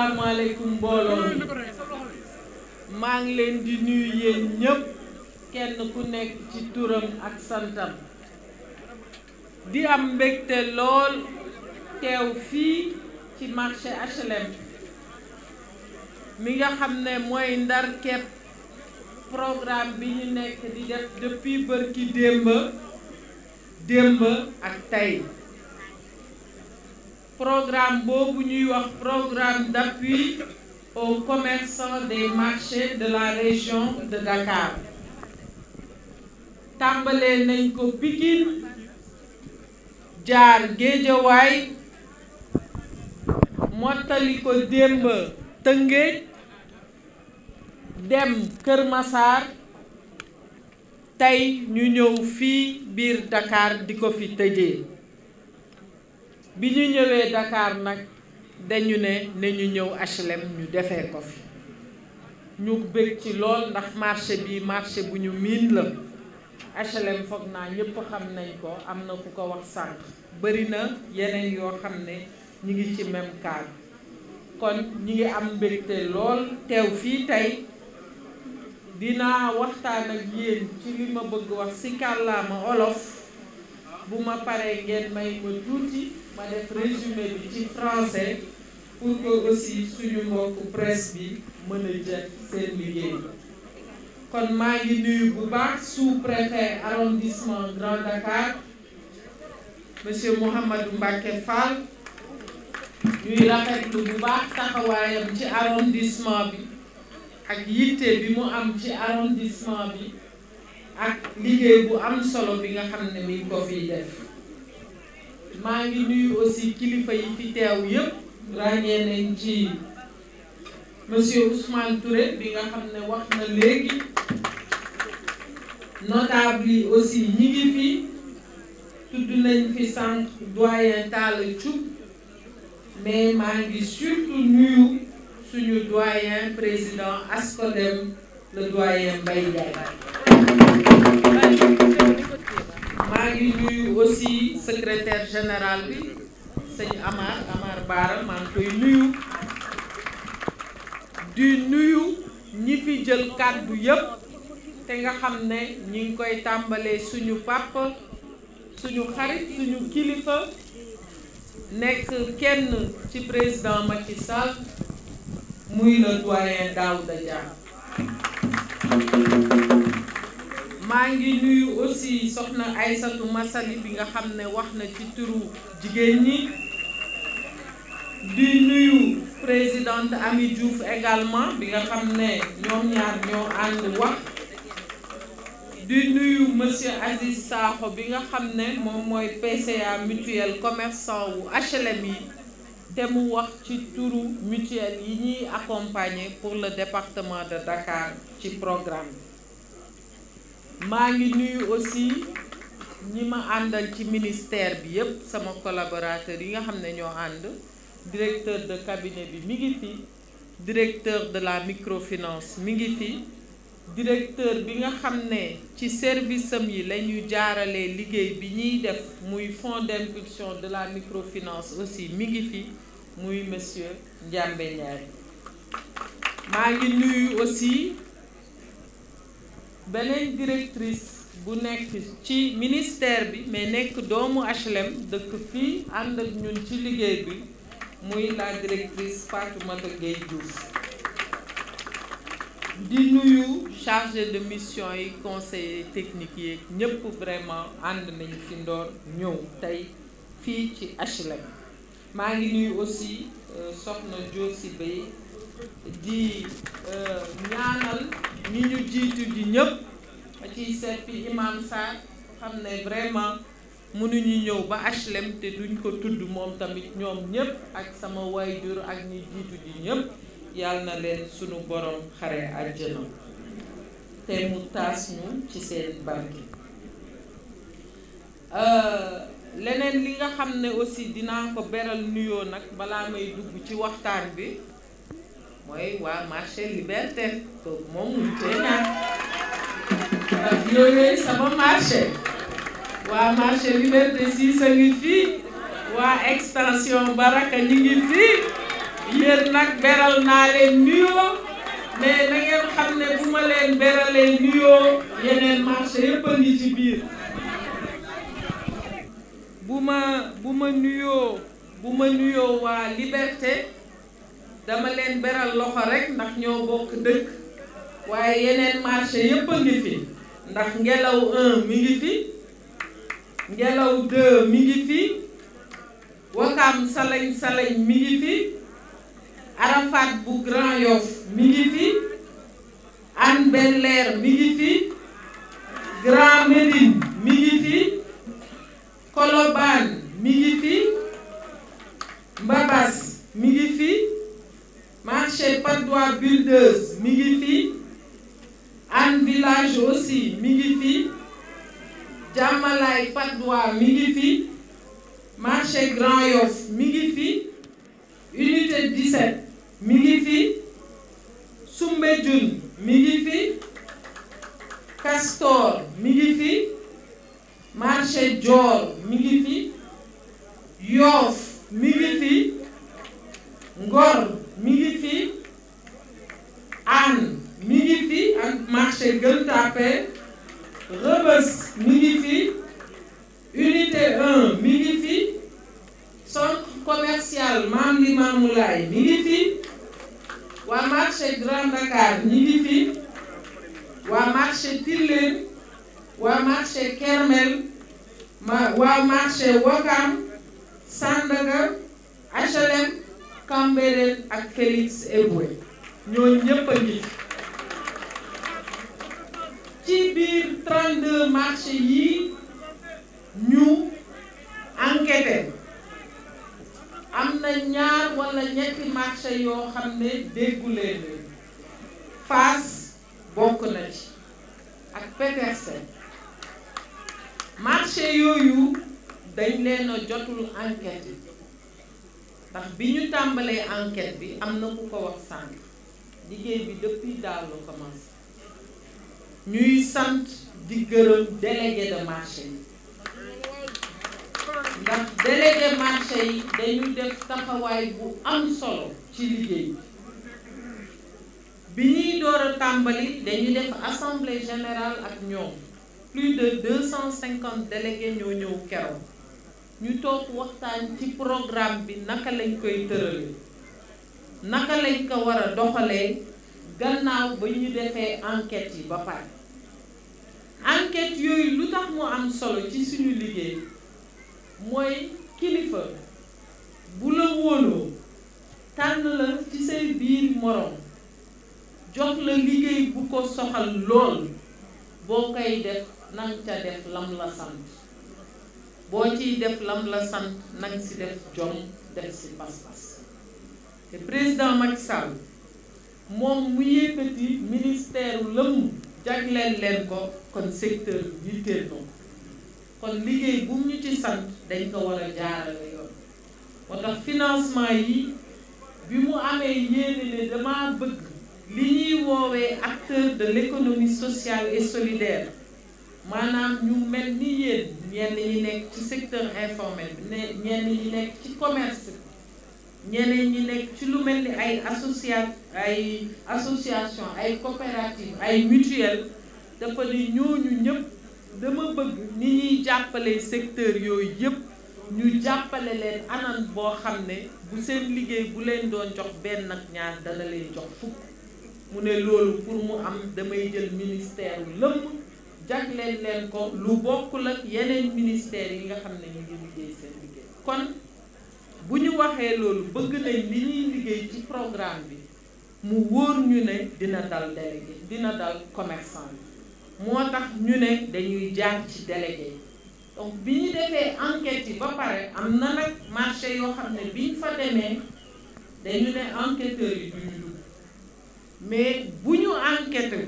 asalaamaaleykum mbooloo mi maa ngi leen di nuyu yéen ñépp kenn ku nekk ci turam ak santam di am mbégte lool teew fii ci marché HLM mi nga xam ne mooy ndarket kepp bi ñu nekk di def depuis bërki démb démb ak tey programme boobu ñuy wax programme d'appui aux commerçants des marchés de la région de Dakar tàmbalee nañ ko Pikine jaar Géejawaay mottali ko démb Tëngéej dem Kër Massar tey ñu ñëw fii biir Dakar di ko fi tëjee bi ñu ñëwee Dakar nag dañu ne nañu ñëw HLM ñu defee ko fi ñu bëgg ci lool ndax marché bi marché bu ñu miin la HLM foog naa ñëpp xam nañ ko am na ku ko wax sànq bëri na yeneen yoo xam ne ñu ngi ci même cadre kon ñu ngi am mbégte lool teew fii tey dinaa waxtaan ak yéen ci li ma bëgg wax ci kàllaama olof bu ma paree ngeen may ma tuuti ma def résumé bi ci français pour que aussi suñu mbokk presse bi mën a jël seen liggéey kon maa ngi nuyu bu baax sous-préfet arrondissement Grand Dakar monsieur Mouhamadou Mbacké Fall ñuy rafetlu bu baax taxawaayam ci arrondissement bi ak yitte bi mu am ci arrondissement bi ak liggéey bu am solo bi nga xam ne mi ngi def maa ngi nuyu aussi kilifa yi fi teew yëpp ràññee nañ ci monsieur Ousmane Touré bi nga xam ne wax na léegi notable yi aussi ñi ngi fi tudd nañ fi sànq doyen Talla Thioub mais maa ngi surtout nuyu suñu doyen président Ascodem le doyen Mbaye Ndiaye maa ngi nuyu aussi secrétaire général bi sëñ Amar Amar Baara maa koy nuyu di nuyu ñi fi jël kàddu yépp te nga xam ne ñi ngi koy tàmbalee suñu papa suñu xarit suñu kilifa nekk kenn ci président Macky Sall muy le doyen Daouda Dia maa ngi nuyu aussi soxna Aysatu Masali bi nga xam ne wax na ci turu jigéen ñi di nuyu présidente Ami Diouf également bi nga xam ne ñoom ñaar ñoo ànd wax di nuyu monsieur Aziz Sakho bi nga xam ne moom mooy PCA mutuelle commerçant wu HLM yi te mu wax ci turu mutuelle yi ñuy accompagner pour le département de Dakar ci programme bi maa ngi nuyu aussi ñi ma àndal ci ministère bi yépp sama collaborateur yi nga xam ne ñoo ànd directeur de cabinet bi mi ngi fi directeur de la microfinance mi ngi fi directeur bi nga xam ne ci service am yi la ñu jaaralee liggéey bi ñuy def muy fonds d'impulsion de la microfinance aussi mi ngi fi muy monsieur Ndiambe Ndiaye maa ngi nuyu aussi beneen directrice bu nekk ci ministère bi mais nekk doomu HLM dëkk fii ànd ak ñun ci liggéey bi muy la directrice Fatoumata Gueye Diouf di nuyu chargé de mission yi conseiller technique yi ñëpp vraiment ànd nañ ci ndoor ñëw tey fii ci HLM maa ngi nuyu aussi euh, soxna joosi si di euh, ñaanal ñi ñu jiitu ji ñëpp ma ciy seet bi imam Sarr xam ne vraiment mënuñu ñëw ba HLM te duñ ko tudd moom tamit ñoom ñëpp ak sama way waajur ak ñi jiitu ji ñëpp yàlla na leen sunu boroom xare àjjana te mu taas ñu ci seen barke euh, leneen li nga xam ne aussi dinaa ko beral nuyoo nag balaa may dugg ci waxtaan bi mooy waa marché liberté kooku moom mu tee naa ndax yooyu sama marché waa marché liberté six a ngi fii waa extension baraka ñi ngi fii yéen nag beral naa leen nuyoo mais na ngeen xam ne bu ma leen beralee nuyoo yeneen marché yëpp a ci biir bu ma bu ma nuyoo bu ma nuyoo waa liberté dama leen beral loxo rek ndax ñoo bokk dëkk waaye yeneen marché yépp a ngi fi ndax ngelaw 1 mi ngi fi ngelaw 2 mi ngi fi wakaam salañ salañ mi ngi fi arafat bu Grand Yoff mi ngi fi Hann Bel-Air mi ngi fi Grand Médine mi ngi fi Colobane mi ngi fi Mbabas mi ngi fi marché Padois Buldeuse mi ngi fi Hann Village aussi mi ngi fi Jàmmalaay Padois mingi fi marché Grand Yoff mi ngi fi unité 17 mi ngi fi Soumbédioune mi fi Castor mi ngi fi marché Dior mi fi Yoff mi fi Ngor mi ngi fi ak marché Gueule Tapée Rebeuss mi ngi fi unité 1 mi ngi fi centre commercial Mame Limamou Laye mi ngi fi waa marché Grand Dakar mi ngi fi waa marché Tilène waa marché Kermel ma waa Cambérène ak Félix Eboué ñooñu ñëpp a ci biir 32 yi ñu enquêté am na ñaar wala ñetti marché yoo xam ne déggu leen bokk na ci ak Petersen marché yooyu dañ leen a jotul enquête ndax bi ñu tàmbalee enquête bi am na ku ko wax sànq liggéey bi depuis daaw la commencé ñuy sant di gërëm délégué de marché yi ndax délégué marché yi dañu def taxawaay bu am solo ci liggéey bi ñuy door a tàmbali dañuy def assemblée générale ak ñoom plus de deux cent cinquante délégués ñoo ñëw keroog ñu toog waxtaan ci programme bi naka lañ koy tëralee naka lañ ko war a doxalee gannaaw ba ñu defee enquête yi ba pare enquête yooyu lu tax mu am solo ci suñu liggéey mooy kilifa bu la wóoloo tànn la ci say biir moroom jox la liggéey bu ko soxal lool boo koy def nang ca def lam la sant boo ciy def lam la sant nag si def jom def si pas-pas te président Macky Sall moom mu yëkkati ministère lamu jagleel leen ko kon secteur bi yitteel kon liggéey bu ñu ci sant dañ ko war a jaarale yoon moo financement yi bi mu amee yéene ne dama bëgg li ñuy woowee acteur de l'économie sociale et solidaire maanaam ñu mel ni yéen ñenn ñi nekk ci secteur informel bi ne ñenn ñi nekk ci commerce bi ñeneen ñi nekk ci lu mel ni ay associa ay association ay coopérative ay mutuelle dafa ni ñooñu ñëpp dama bëgg ni ñuy jàppale secteur yooyu yëpp ñu jàppale leen anam boo xam ne bu seen liggéey bu leen doon jox benn ak ñaar dala leen jox fukk mu ne loolu pour mu am damay jël ministère lëmm jagleel leen ko lu bokk la yeneen ministères yi nga xam ne ñu ngi liggéey seen liggéey kon bu ñu waxee loolu bëgg nañ li ñuy liggéey ci programme bi mu wóor ñu ne dina dal délégué dina dal commerçant moo tax ñu ne dañuy jaar ci délégué donc bi ñu defee enquête yi ba pare am na nag marché yoo xam ne bi ñu fa demee dañu ne enquêteurs yi duñu dugg mais bu ñu enquête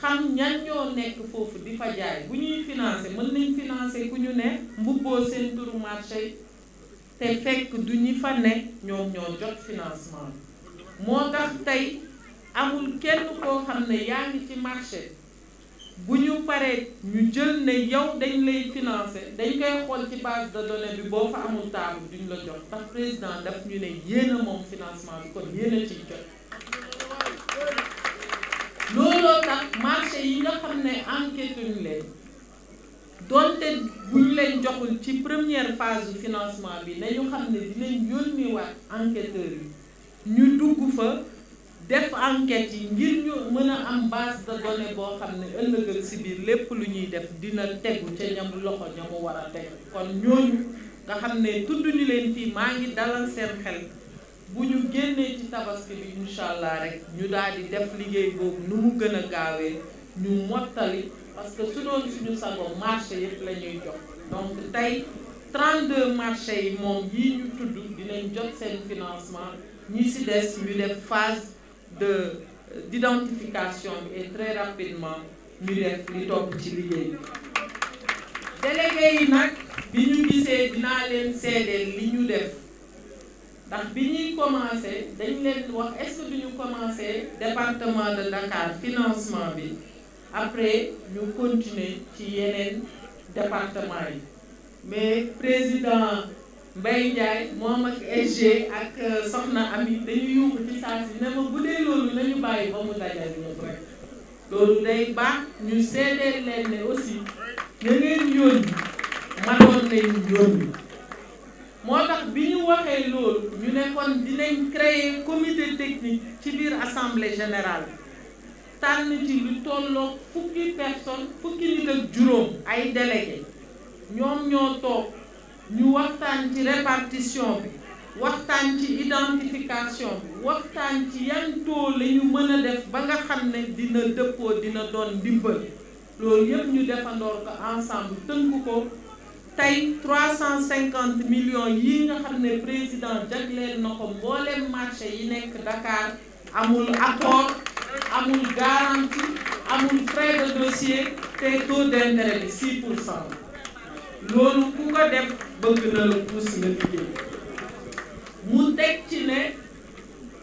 xam ñan ñoo nekk foofu di fa jaay bu ñuy financé mën nañ financé ku ñu ne mbubboo seen turu marché te fekk du ñu fa ne ñoom ñoo jot financement moo tax tey amul kenn koo xam ne yaa ngi ci marché bu ñu paree ñu jël ne yow dañ lay financer dañ koy xool ci base de données bi boo fa amul taabu duñ la jot ndax président daf ñu ne yéen a moom financement bi kon yéen a jot looloo tax marché yi nga xam ne enquête ñu leen donte bu leen joxul ci première phase du financement bi nañu xam ne dinañ yónniwaat enquêteurs yi ñu dugg fa def enquête yi ngir ñu mën a am base de données boo xam ne ëllëg ak si biir lépp lu ñuy def dina tegu ca ñam loxo ñamu war a tegu kon ñooñu nga xam ne tudd ñu leen fii maa ngi dalal seen xel bu ñu génnee ci tabaski bi incha allah rek ñu daal di def liggéey boobu nu mu gën a gaawee ñu mottali parce que su doon suñu sago marché yëpp la ñuy jox donc tey 32 marché yi moom yii ñu tudd dinañ jot seen financement ñi si des ñu def phase de euh, d'identification bi et très rapidement ñu def li topp ci liggéey bi délégué yi nag bi ñu gisee dinaa leen seedeel li ñu def ndax bi ñuy commencé dañ leen wax est-ce que commencé département de Dakar financement bi après ñu continuer ci yeneen département yi mais président Mbaye Ndiaye moom ak SG ak euh, Soxna Ami dañu yóbbu ci saa si ne ma bu dee loolu nañu bàyyi ba mu dajal ñëpp rek loolu day baax ñu seedeel leen ne aussi ña ngeen yónni manoon nañu moo tax bi ñu waxee loolu ñu ne kon dinañ créer comité technique ci biir assemblée général tànn ci lu tolloo fukki personne fukki nit ak juróom ay délégué ñoom ñoo toog ñu waxtaan ci répartition bi waxtaan ci identification bi waxtaan ci yan taux la ñu mën a def ba nga xam ne dina dëppoo dina doon ndimbal loolu yëpp ñu defandoor ko ensemble tënk ko tey 350 millions yi nga xam ne président jagleel na ko mboolem marché yi nekk Dakar amul apport amul garantie amul frais de dossier te taux d'intérêt bi loolu ku ko def bëgg na la pousse nga liggéey mu teg ci ne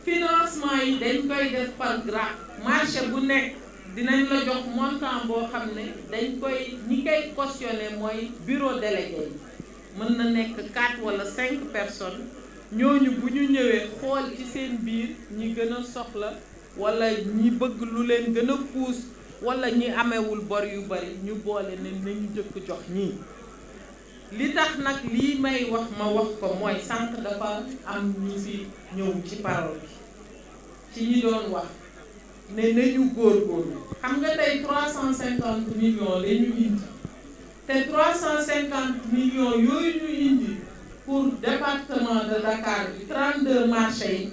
financement yi dañ koy def par grade marché bu nekk. dinañ la jox montant boo xam ne dañ koy ñi kay cautionné mooy bureau délégué mën na nekk quatre walla cinq personnes ñooñu bu ñu ñëwee xool ci seen biir ñi gën a soxla wala ñi bëgg lu leen gën a puus wala ñi amewul bor yu bari ñu boole ne nañu jëkk jox ñii li tax nag lii may wax ma wax ko mooy sànq dafa am ñu fi ñëw ci parole bi ci ñi doon wax ne nañu góorgóorlu xam nga tey 350 millions la ñu indi te cinquante millions yooyu ñu indi pour département de Dakar bi 32 marchés yi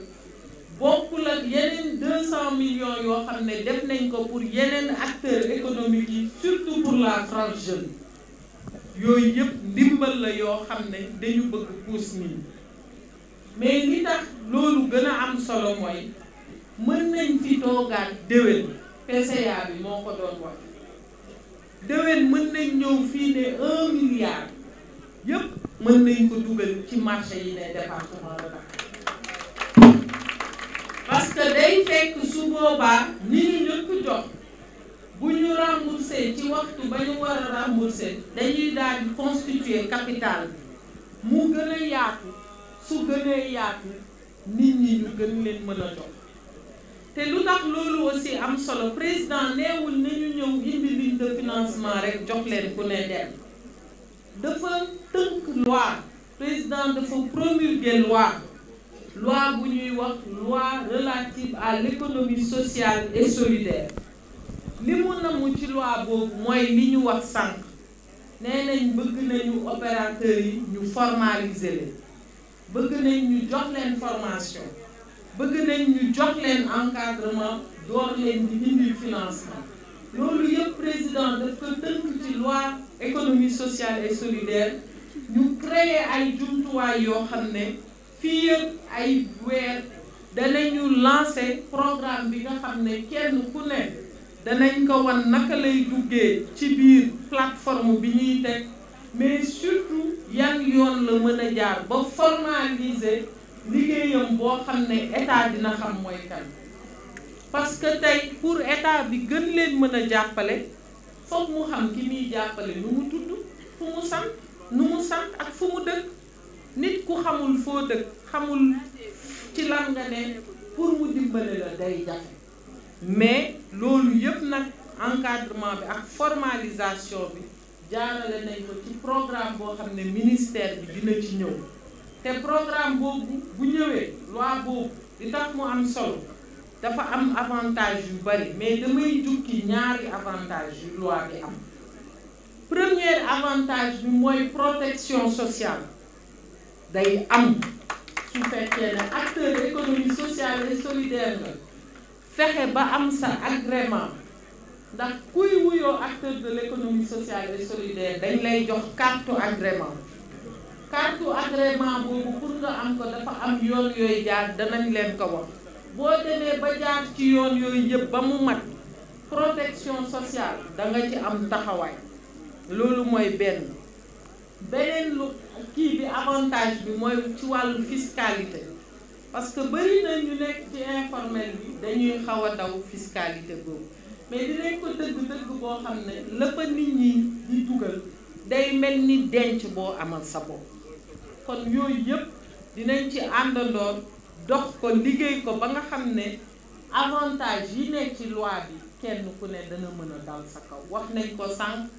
bokkul ak yeneen 200 millions yoo xam ne def nañ ko pour yeneen acteur économiques yi surtout pour la tranche jeune yooyu yëpp ndimbal la yoo xam ne dañu bëgg puus nii mais li tax loolu gën a am solo mooy. mën nañ fi toogaat déwén PCA bi moo ko doon wax déwén mën nañ ñëw fii ne un milliard yëpp mën nañ ko dugal ci marché yi ne département de Dakar parce que day fekk su boobaa ni ñu ñëpp jox bu ñu remboursé ci waxtu ba ñu war a remboursé dañuy daal di constituer capital mu gën a yaatu su gën yaatu nit ñi ñu gën leen mën a jox te lu tax loolu aussi am solo président neewul nañu ñëw indi ligne financement rek jox leen ku ne dem dafa tënk loi président dafa promulguer loi loi bu ñuy wax loi relative à l'économie sociale et solidaire li mu namu ci loi boobu mooy li ñu wax sànq nee nañ bëgg nañu opérateurs yi ñu formaliser leen bëgg nañ ñu jox leen formation bëgg nañ ñu jox leen encadrement door leen di indil financement loolu yëpp président daf ko tënk ci loi économie sociale et solidaire ñu créer ay jumtuwaay yoo xam ne fii yëpp ay weer danañu lancer programme bi nga xam ne kenn ku ne danañ ko wan naka lay duggee ci biir plateforme bi ñuy teg mais surtout yan yoon la mën a jaar ba formaliser liggéeyam boo xam ne état dina xam mooy kan parce que tey pour état bi gën leen mën a jàppale foog mu xam ki muy jàppale nu mu tudd fu mu sant nu mu sant ak fu mu dëkk nit ku xamul foo dëkk xamul ci lan pour mu dimbale la day jafe mais loolu yëpp nag encadrement bi ak formalisation bi jaarale nañ ko ci programme boo xam ne ministère bi dina ci ñëw te programme boobu bu ñëwee loi boobu li tax mu am solo dafa am avantage yu bari mais damay jukki ñaari avantage yu loi bi am premier avantage bi mooy protection sociale day am su fekkee ne acteur économie sociale et solidaire la fexe ba am sa agrément ndax kuy wuyoo acteur de l' économie sociale et solidaire dañ lay jox carte agrément carte agrément boobu pour nga am ko dafa am yoon yooyu jaar danañ leen ko wax boo demee ba jaar ci yoon yooyu yëpp ba mu mag protection sociale da nga ci am taxawaay loolu mooy benn beneen lu kii bi avantage bi mooy ci wàllu fiscalité parce que bëri na ñu nekk ci informel bi dañuy xaw a daw fiscalité boobu mais dinañ ko dëgg-dëgg boo xam ne lépp nit ñi di dugal day mel ni denc boo amal sa bopp kon yooyu yëpp dinañ ci àndandoon dox ko liggéey ko ba nga xam ne avantage yi nekk ci loi bi kenn ku ne dana mën a dal sa kaw wax nañ ko sànq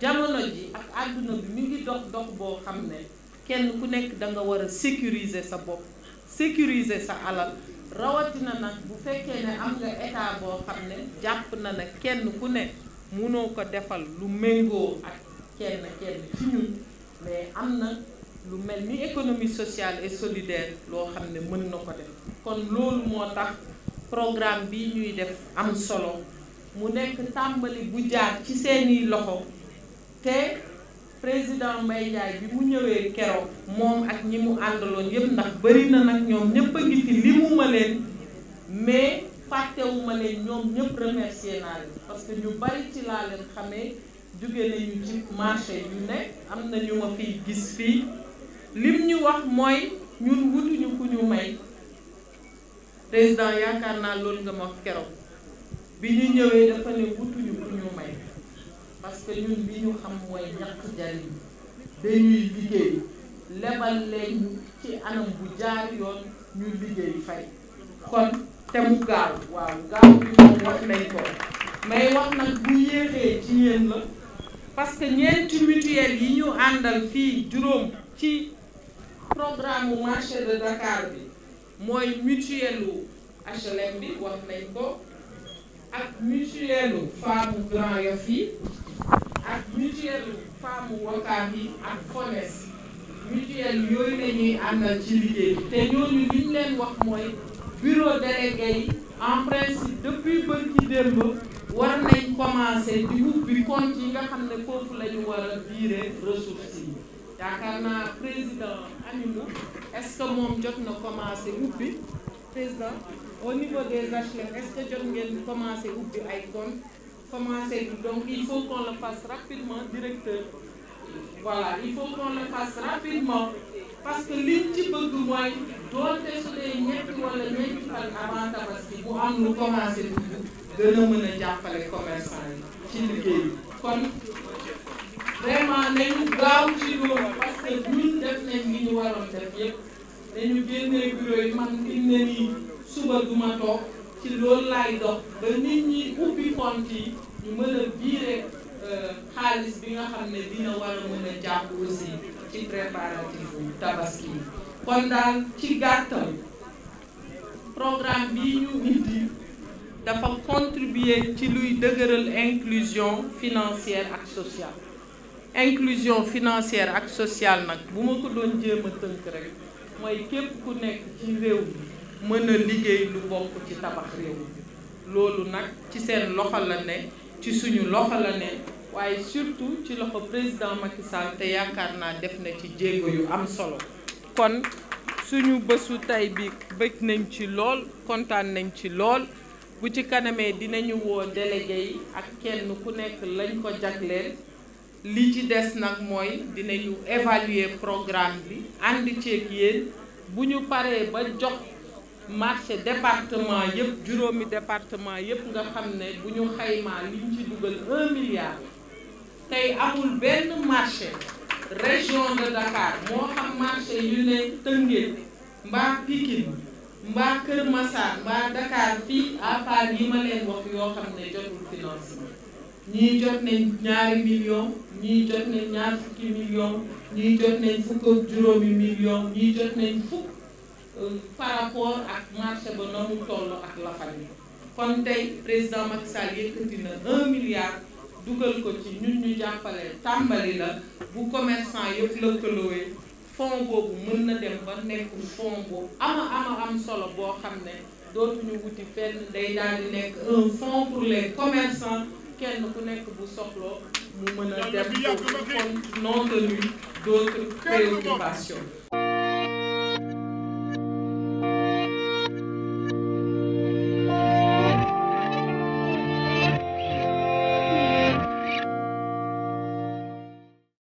jamono ji ak àdduna bi mi ngi dox dox boo xam ne kenn ku nekk da nga war a sécuriser sa bopp sécuriser sa alal rawatina nag bu fekkee ne am nga état boo xam ne jàpp na nag kenn ku ne mënoo ko defal lu méngoo ak kenn kenn ci ñun mais am na lu mel ni économie sociale et solidaire loo xam ne mën na ko def kon loolu moo tax programme bi ñuy def am solo mu nekk tàmbali bu jaar ci seeni loxo te président Mbaye Ndiaye bi mu ñëwee keroog moom ak ñi mu àndaloon yépp ndax bari na nag ñoom ñépp a ngi fi ma leen mais fàttewuma leen ñoom ñépp remercier naa leen parce que ñu bari ci laa leen xamee jóge nañu ci marché yu ne am na ñu ma fiy gis fii lim ñu wax mooy ñun wutuñu ku ñu may président yaakaar naa loolu nga ma keroog bi ñu ñëwee dafa ne wutuñu ku ñu may parce que ñun li ñu xam mooy ñàkk jariñ dañuy liggéey lebal leen ci anam bu jaar yoon ñu liggéey fay kon te mu gaaw waaw gaaw bi moom wax nañ ko may wax nag bu yéexee ci yéen la parce que ñeenti mutuelle yi ñu àndal fii juróom ci programme mu marché de Dakar bi mooy mutuelu HLM bi wax nañ ko ak mutuelu femme Grand Yoff yi ak mutuelu femme Wakaam yi ak FONES mutuelle yooyu la ñuy àndal ci liggéey bi te ñooñu li leen wax mooy bureau délégué yi en principe depuis bërki démb war nañ commencé di ubbi compte yi nga xam ne foofu la ñu war a yaakaar naa président Amina est moom jot na commencé ubbi président au niveau des HLM est-ce que jot ngeen commencé ubbi ay compte commencé donc il faut qu'on rapidement directeur voilà il faut qu'on rapidement parce que liñ ci bëgg mooy doonte su dee ñetti wala ñetti fan avant tabaski bu am lu commencé dugg gën a mën a jàppale commerçant yi ci liggéey kon vraiment nañu gaaw ci loolu parce que ñun def nañ li ñu waroon def yëpp dañu génnee bureau yi man ne nii suba du toog ci loolu laay dox ba nit ñi ubbi compte yi ñu mën a biire euh, xaalis bi nga xam ne dina war a mën a jàpp aussi ci préparatif tabaski kon daal ci gàttal programme bii ñu indi dafa contribuer ci luy dëgëral inclusion financière ak sociale inclusion financière ak social nag bu ma ko doon jéem a tënk rek mooy képp ku nekk ci réew mi mën a liggéey lu bokk ci tabax réew mi loolu nag ci seen loxo la ne ci suñu loxo la ne waaye surtout ci loxo président Macky te yaakaar naa def na ci jéego yu am solo kon suñu bësu tey bi bëgg nañ ci lool kontaan nañ ci lool bu ci kanamee dinañu woo délégué yi ak kenn ku nekk lañ ko jagleel li ci des nag mooy dinañu évaluer programme bi ànd ceeg yéen bu ñu paree ba jox marché département yëpp juróomi département yëpp nga xam ne bu ñu xaymaa liñ ci dugal un milliard tey amul benn marché région de Dakar moo xam marché yu ne Tëngéej mbaa Pikine mbaa Kër Massar mbaa Dakar fii à yi ma leen wax yoo xam ne jotul financement ñii jot nañ ñaari millions ñii jot nañ ñaar fukki millions ñii jot nañ fukk ak juróomi millions ñii jot nañ fukk euh, par rapport ak marché ba na mu ak la famille kon tey président Macky Sall yëkkati na 1 milliard dugal ko ci ñun ñu jàppale tàmbali la bu commerçant yëpp lëkkaloowee fonds boobu mën na dem ba nekk fonds bu ama ama am solo boo xam ne dootuñu wuti fenn day daal di nekk un fonds pour les commerçants kenn ku nekk bu soxloo mu mën a dem non tenu d'autres préoccupations